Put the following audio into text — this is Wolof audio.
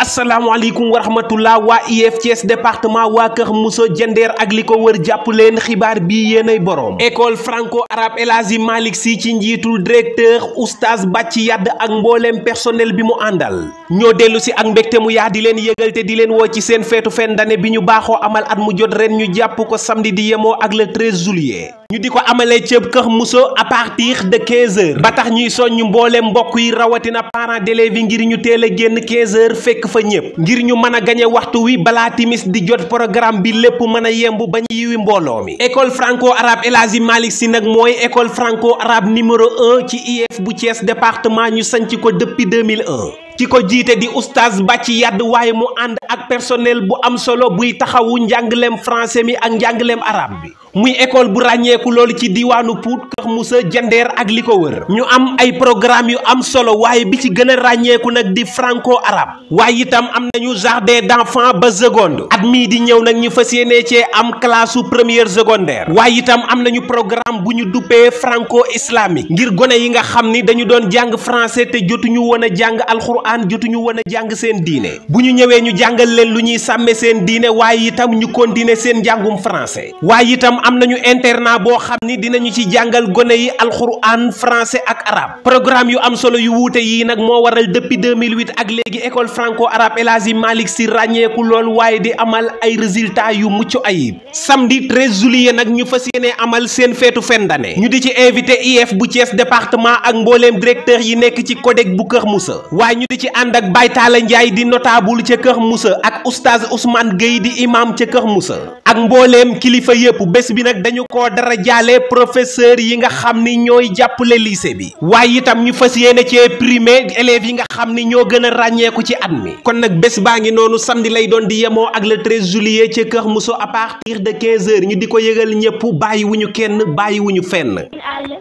asalaamaaleykum wa rahmatullah waa IEF Thiès département waa Kër Moussa Diender ak li ko wër jàpp leen xibaar bii yéenay boroom école franco arabe El Hadji Malick ci njiitul directeur oustaz Bàcci yàdd ak mboolem personnel bi mu àndal ñoo dellu si ak mbégte mu yaa di leen yëgal di leen woo ci seen feetu fen dane bi ñu baaxoo amal at mu jot ren ñu jàpp ko samedi di yemoo ak le 13 juillet ñu di ko amalee ceeb kër Mousso à partir de 15h ba tax ñuy soññ mbooleem mbokk yi rawatina parent d'élèves yi ngir ñu teel a génn 15h fekk fa ñëpp ngir ñu mën a gañe waxtu wi balaa timis di jot programme bi lépp mën a yemb ba ñu yiwi mbooloo mi. école franco arabe El Hadji si nag mooy école franco arabe numéro 1 ci IEF bu Thiès département ñu sanc ko depuis 2001. ki ko jiite di ba ci yàdd waaye mu ànd ak personnel bu am solo buy taxawu njàngaleem français mi ak njàngaleem arabe bi muy école bu ràññeeku loolu ci diwaanu Pout Kër Moussa Jandeer ak li ko wër ñu am ay programme yu am solo waaye bi ci gën a ràññeeku nag di franco arabe waaye itam am nañu jardin d'enfants ba seconde at mii di ñëw nag ñu fas yéene cee am classe su première secondaire waaye itam am nañu programme bu ñu duppee franco islamique ngir gone yi nga xam ni dañu doon jàng français te jotuñu woon a jàng alxuraan jotuñu woon a jàng seen diine bu ñu ñëwee ñu jàngal leen lu ñuy sàmme seen diine waaye itam ñu seen njàngum français am nañu internat boo xam ni dinañu ci jàngal gone yi alxuraan français ak arabe programme yu am solo yu wuute yii nag moo waral depuis 2008 ak léegi école franco arabe El Hadji Malick ràññeeku lool waaye di amal ay résultats yu mucc ayib samedi 13 juillet nag ñu fa yéene amal seen feetu fin ñu di ci invité IEF bu Thiès département ak mbooleem directeur yi nekk ci CODEC bu Kër Moussa waaye ñu di ci ànd ak Baye Talla Ndiaye di notable ca Kër Moussa ak oustaz Ousmane Gueye di imam ca Kër Moussa ak mbooleem kilifa yëpp bi nag dañu koo dara jaale professeur yi nga xam ni ñooy jàppale lycée bi waaye itam ñu fas yéene cee primé élèves yi nga xam ni ñoo gën a ràññeeku ci at mi kon nag bés baa ngi noonu samedi lay doon di yemoo ak le 13 juillet ci Kër Mousso à partir de 15 heures ñu di ko yëgal ñëpp bàyyiwuñu kenn bàyyiwuñu wuñu fenn